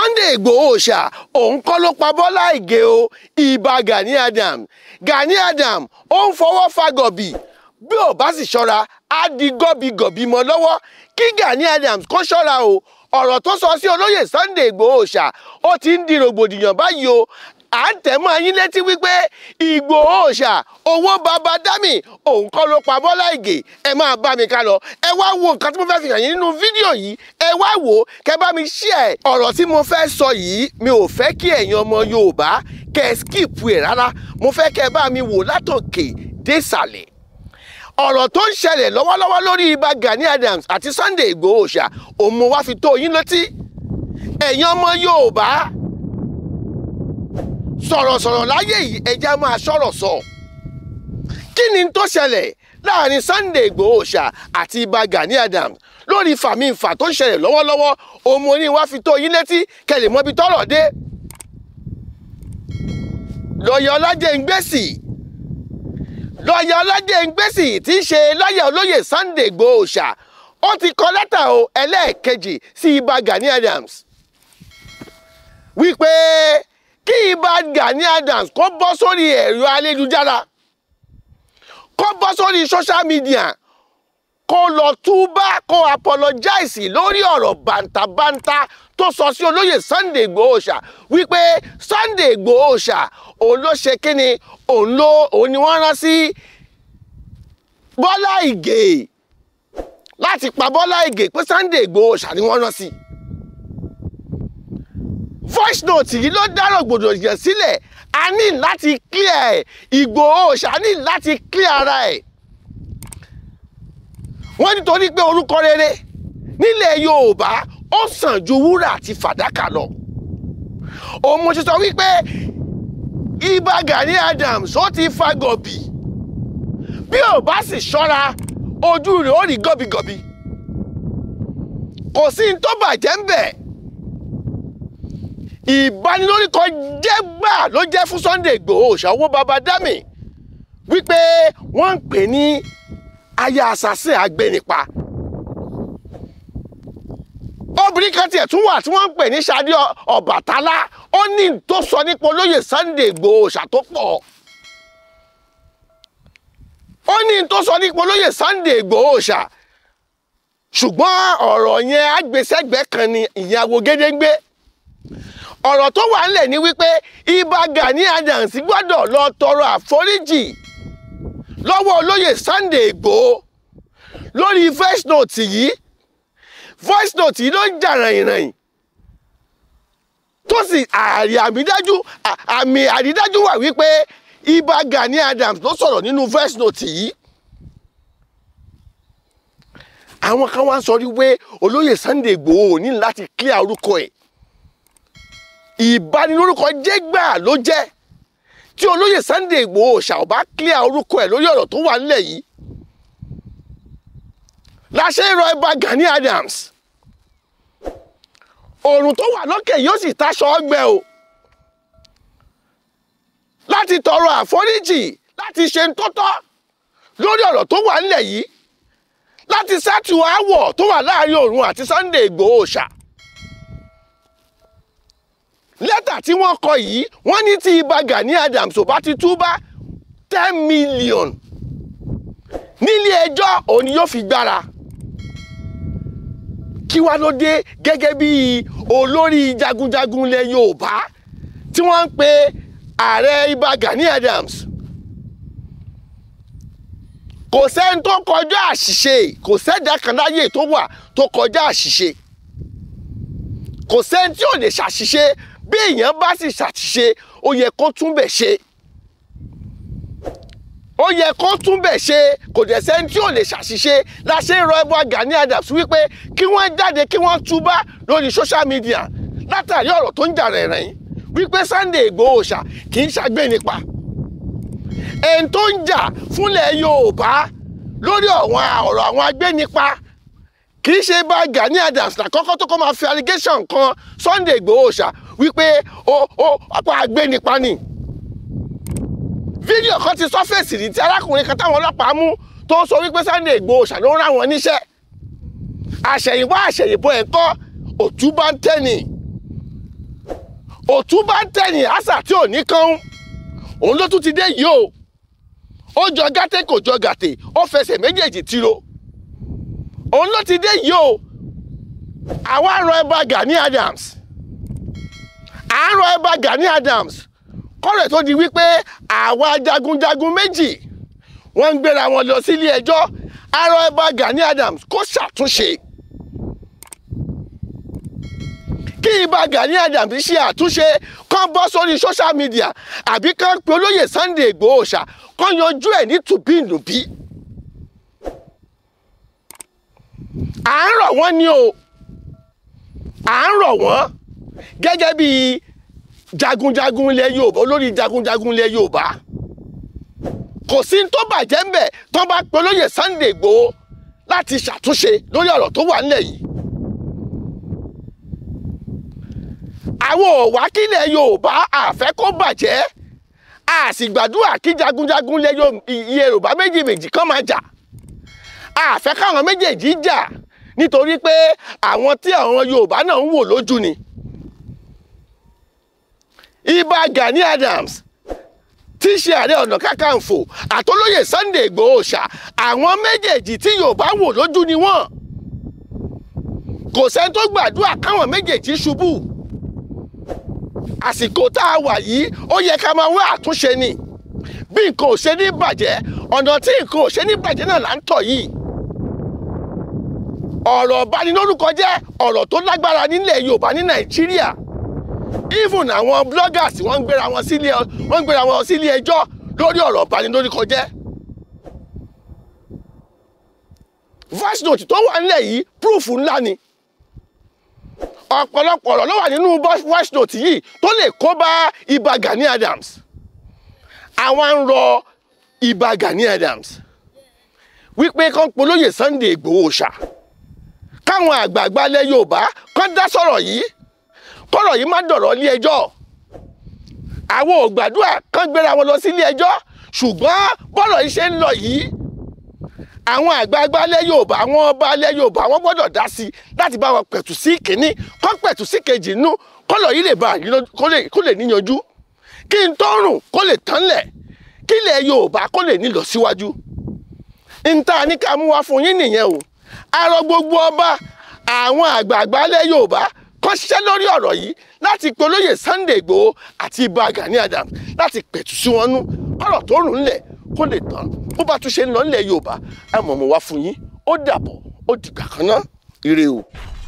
Sunday Igboho ṣá òun kọ́ ló pa Bọ́lá Ìgè o ìbà Gani Adam? Gani Adam? ó ń fọwọ́ fa gọ̀bì bí ò bá sì ṣọ́ra á di gọ́bigọ̀bì mọ́ lọ́wọ́ kí Gani Adams kó ṣọ́ra o ọ̀rọ̀ tó sọ sí olóyè Sunday Igboho ṣá ó ti ń di rògbòdìyàn báyìí o à ń tẹ̀ mọ́ yín létí wípé Ìgbòho Òòṣà owó bàbá dámì òun kọ́ ló pa Bọ́lá Ìgè ẹ máa bá mi ká lọ ẹ wá wo nǹkan tí mo fẹ́ fi hàn yín nínú fídíò yìí ẹ wá wò ó kẹ bá mi share ọ̀rọ̀ tí mo fẹ́ sọ yìí mi ò fẹ́ kí ẹ̀yin ọmọ Yorùbá kẹ skip ẹ̀ rárá mo fẹ́ kẹ bá mi wò látòkè désàlẹ̀ ọ̀rọ̀ tó ń ṣẹlẹ̀ lọ́wọ́lọ́wọ́ lórí ibà Gani Adams àti Sunday Ìgbòho Òòṣà òun mo wá fi tó yín létí ẹ̀yin ọmọ Yorùbá sọ̀rọ̀sọ̀rọ̀ láyé yìí ẹja máa sọ̀rọ̀ sọ kí ni tó ṣẹlẹ̀ láàrin Sunday Igboho Òòṣà àti Ìbà Gani Adams lórí fàmìfà tó ń ṣẹlẹ̀ lọ́wọ́lọ́wọ́ òun mo ní wá fi tó yín létí kẹlẹ̀ mọ́bi tọ́rọ̀ dé lọ́yà ọlájẹ́ngbèsì lọ́yà ọlájẹ́ngbèsì tí í ṣe lọ́yà olóyè Sunday Igboho Òòṣà ó ti kọ lẹ́tà o ẹlẹ́ẹ̀kejì sí Ìbà Gani Adams wípé. Mohbad Gani Adams kó bọ́ sórí ẹ̀rọ ayélujára kó bọ́ sórí social media kó lọ túbá kó apologize lórí ọ̀rọ̀ bàǹtàbàǹtà tó sọ sí olóyè Sunday Igboho Ọ̀ṣà wípé Sunday Igboho Ọ̀ṣà òun ló ṣe kíni òun ló òun ni wọ́n rán sí Bọ́lá Ìgè láti pa Bọ́lá Ìgè pé Sunday Igboho Ọ̀ṣà ni wọ́n rán sí i voice note yìí ló dárò gbòdò yẹn sílẹ̀ a ní láti clear ẹ̀ Ìgbòho ṣá ní láti clear ara ẹ̀ wọ́n nítorí pé orúkọ rere nílẹ̀ Yorùbá ó sàn ju wúrà àti fàdákà lọ òun ti sọ wípé Ìbà Gani Adams ó ti fa gọ̀bì bí ò bá sì ṣọ́ra ojú rẹ̀ ó rí gọ̀bìgọ̀bì kò sí ní tó bàjẹ́ ń bẹ̀ ìbanilórúkọ jẹ́ gbà ló jẹ́ fún Sunday Igboho Òòṣà Owóbaba Dami wípé wọ́n ń pè ní aya assassin agbẹnipa obìnrin kan tiẹ̀ tún wà tí wọ́n ń pè ní Ṣadé Ọbàtálá ó ní tó sọ nípa olóyè Sunday Igboho Òòṣà tó pọ̀ ó ní tó sọ nípa olóyè Sunday Igboho Òòṣà ṣùgbọ́n ọ̀rọ̀ yẹn agbésẹ́gbẹ́ kan ni ìyàwó gédéńgbé ọ̀rọ̀ tó wà ńlẹ̀ ni wípé Ìbà Gani Adams gbọ́dọ̀ lọ tọrọ àforíjì lọ́wọ́ olóyè Sunday Ìgbòho lórí voice note yìí voice note yìí ló ń jà ràyìnràyìn tó sì àrí àmìdájú àmì àrídájú wà wípé Ìbà Gani Adams ló sọ̀rọ̀ nínú voice note yìí àwọn kan wá ń sọ wípé olóyè Sunday Ìgbòho ò ní láti clear orúkọ ẹ̀ ìbanilórúkọ jẹ́ gbà ló jẹ́ tí olóyè Sunday Igboho ṣàwọ́bá clear orúkọ ẹ̀ lórí ọ̀rọ̀ tó wà nílẹ̀ yìí láṣẹ ìrọ̀ ẹba Gani Adams òòrùn tó wà lókè yóò sì taṣọ ọgbẹ́ o láti tọrọ àforíjì láti ṣe ń tótọ́ lórí ọ̀rọ̀ tó wà nílẹ̀ yìí láti sẹ́tù aáwọ̀ tó wà láàrin òòrùn àti Sunday Igboho ṣáà. lẹ́tà tí wọ́n kọ yìí wọ́n ní tí ibà Gani Adams ò bá ti túbá ten million nílé ẹjọ́ òun ni yóò fi gbára kí wá ló dé gẹ́gẹ́ bí olórí jagunjagun ilẹ̀ Yorùbá tí wọ́n ń pe ààrẹ ibà Gani Adams kò sẹ́ni tó kọjá àṣìṣe kò sẹ́dá kan láyè tó wà tó kọjá àṣìṣe kò sẹ́ni tí ò lè ṣàṣìṣe bí èèyàn bá sì ṣàṣìṣe ó yẹ kó túnbẹ̀ ṣe ó yẹ kó túnbẹ̀ ṣe kò dẹ̀ sẹ́ni tí ò lè ṣàṣìṣe la rọ ẹbọ Gani Adams wípé kí wọ́n jáde kí wọ́n túbá lórí social media látàrí ọ̀rọ̀ tó ń jà rẹ̀rìn wípé Sunday Igboho ṣá kì í ṣàgbé nípa ẹni tó ń jà fúnlẹ̀ Yorùbá lórí ọ̀rọ̀ àwọn agbénipa kì í ṣe bá Gani Adams lákọ́kọ́ tó kọ́ máa fi allegation kan Sunday Igboho ṣá wípé ó ó ọ̀pọ̀ agbénipa ni fídíò kan ti sọ́fẹ̀sì rí tí arákùnrin kan táwọn ọlọ́pàá mú tó sọ wípé Sunday Igboho ṣá ló ń ráwọn níṣẹ́ àṣẹ̀yìnwá àṣẹ̀yìnbọ̀ ẹ̀kọ́ òtúbá ń tẹ̀nì òtúbá ń tẹ̀nì àṣà tí ò ní kán òun ló tún ti dé yìí o ó jọ gàtẹ́ kò jọ gàtẹ́ ó fẹsẹ̀ méjèèjì tiro òun ló ti dé yìí o àwa rọ ẹba Gani Adams à ń rọ ẹba Gani Adams kọ́rẹ̀ tó di wípé àwa jagunjagun méjì wọ́n ń gbéra wọn lọ sílé ẹjọ́ àrọ ẹba Gani Adams kó ṣàtúnṣe kí ibà Gani Adams ṣe àtúnṣe kán bọ́ sórí social media àbí kán pe olóyè Sunday Igboho ṣá kán yanjú ẹ̀ ní tùbínùbí. à ń rọ̀ wọ́n ni o à ń rọ̀ wọ́n gẹ́gẹ́ bí jagunjagun ilẹ̀ Yorùbá olórí jagunjagun ilẹ̀ Yorùbá kò sí tó bàjẹ́ ń bẹ̀ tó bá pe olóyè Sunday Igboho láti ṣàtúnṣe lórí ọ̀rọ̀ tó wà nílẹ̀ yìí àwọn òwákílẹ̀ Yorùbá àfẹ́ kó bàjẹ́ a sì gbàdúrà kí jagunjagun ilẹ̀ Yorùbá méjì méjì kán máa jà àfẹ́ káwọn méjèèjì jà. Ja nítorí pé àwọn tí àwọn Yorùbá náà ń wò lójú ni Ìbà Gani Adams tí ṣe ààrẹ ọ̀nà kákàǹfò àtolóyè Sunday Ìgbòho ṣá àwọn méjèèjì tí Yorùbá wò lójú ni wọ́n kò sẹ́ni tó gbàdúrà káwọn méjèèjì ṣubú àsìkò tá a wà yìí ó yẹ ká máa wá àtúnṣe ni bí nǹkan ò ṣe ní bàjẹ́ ọ̀nà tí nǹkan ò ṣe ní bàjẹ́ náà là ń tọ̀ yìí ọ̀rọ̀ ọ̀bánilórúkọ jẹ́ ọ̀rọ̀ tó lágbára nílẹ̀ Yorùbá ní Nàìjíríà even àwọn bloggers wọ́n ń gbéra wọn sílé wọ́n ń gbéra wọn sílé ẹjọ́ lórí ọ̀rọ̀ ọ̀bánilórúkọ jẹ́ voice note tó wà nílẹ̀ yìí proof ńlá ni ọ̀pọ̀lọpọ̀ ọ̀rọ̀ ló wà nínú voice note yìí tó lè kó bá Ìbà Gani Adams àwọn ń rọ Ìbà Gani Adams wípé kán polóyè Sunday Ìgbòho ṣáà káwọn àgbààgbà ilẹ̀ Yorùbá kán dá sọ̀rọ̀ yìí kọ́rọ̀ yìí má dọ̀rọ̀ ilé ẹjọ́ àwọn ò gbàdúrà kán gbéra wọn lọ sí ilé ẹjọ́ ṣùgbọ́n bọ́rọ̀ yìí ṣe ń lọ yìí àwọn àgbààgbà alẹ́ Yorùbá àwọn ọba alẹ́ Yorùbá wọ́n gbọ́dọ̀ dá sí i láti bá wọn pẹ̀tù sí kínní kọ́ pẹ̀tù sí kejì inú kọ́lọ̀ yìí lè bá kó lè níyanjú kí n tó rùn kó lè tánlẹ̀ kí ilẹ̀ Yorùbá kó lè nílọsíwájú n ta ní ká mú wá fún yín nìyẹn o arọ gbogbo ọba àwọn àgbààgbà ilẹ̀ Yorùbá kọ́ ṣiṣẹ́ lórí ọ̀rọ̀ yìí láti polóyè Sunday Igboho àti Ìbà Gani Adams láti pẹ̀tù sí wọn nú ọ̀rọ̀ tó rùn ńlẹ̀ kó lè tán bó bá tún ṣe ń lọ ńlẹ̀ Yorùbá àmọ̀mọ̀ wá fún yín ó dàbọ̀ ó dìgbà kan náà ire o.